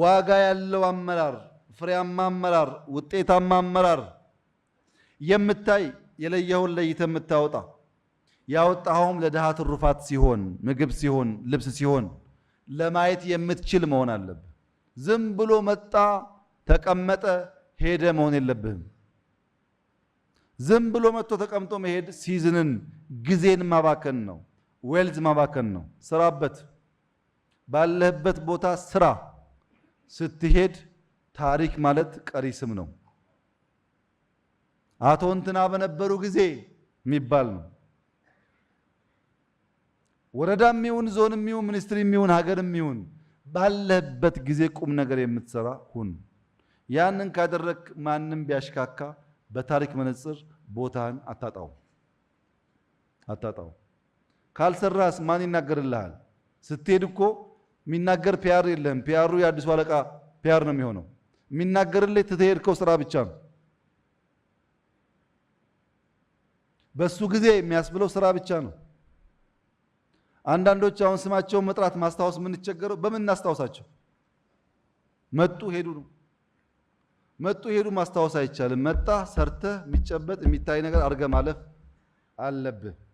ዋጋ ያለው አመራር፣ ፍሬያማ አመራር፣ ውጤታማ አመራር የምታይ የለየውን ለይተ የምታወጣ ያወጣኸውም ለድሃ ትሩፋት ሲሆን፣ ምግብ ሲሆን፣ ልብስ ሲሆን ለማየት የምትችል መሆን አለብ። ዝም ብሎ መጣ፣ ተቀመጠ፣ ሄደ መሆን የለብህም። ዝም ብሎ መጥቶ ተቀምጦ መሄድ ሲዝንን ጊዜን ማባከን ነው። ዌልዝ ማባከን ነው። ስራበት፣ ባለህበት ቦታ ስራ። ስትሄድ ታሪክ ማለት ቀሪ ስም ነው። አቶ እንትና በነበሩ ጊዜ የሚባል ነው። ወረዳም የሚሆን ዞን ይሁን ሚኒስትር ይሁን ሀገርም ይሁን ባለህበት ጊዜ ቁም ነገር የምትሰራ ሁን። ያንን ካደረክ ማንም ቢያሽካካ በታሪክ መነጽር ቦታህን አታጣው አታጣው። ካልሰራስ ማን ይናገርልሃል? ስትሄድ እኮ የሚናገር ፒያር የለም። ፒያሩ የአዲሱ አለቃ ፒያር ነው የሚሆነው። የሚናገርልህ ትተህ ስራ ብቻ ነው። በሱ ጊዜ የሚያስብለው ስራ ብቻ ነው። አንዳንዶች አሁን ስማቸውን መጥራት ማስታወስ የምንቸገረው በምን እናስታውሳቸው? መጡ ሄዱ ነው። መጡ ሄዱ ማስታወስ አይቻልም። መጣ ሰርተህ የሚጨበጥ የሚታይ ነገር አድርገህ ማለፍ አለብህ።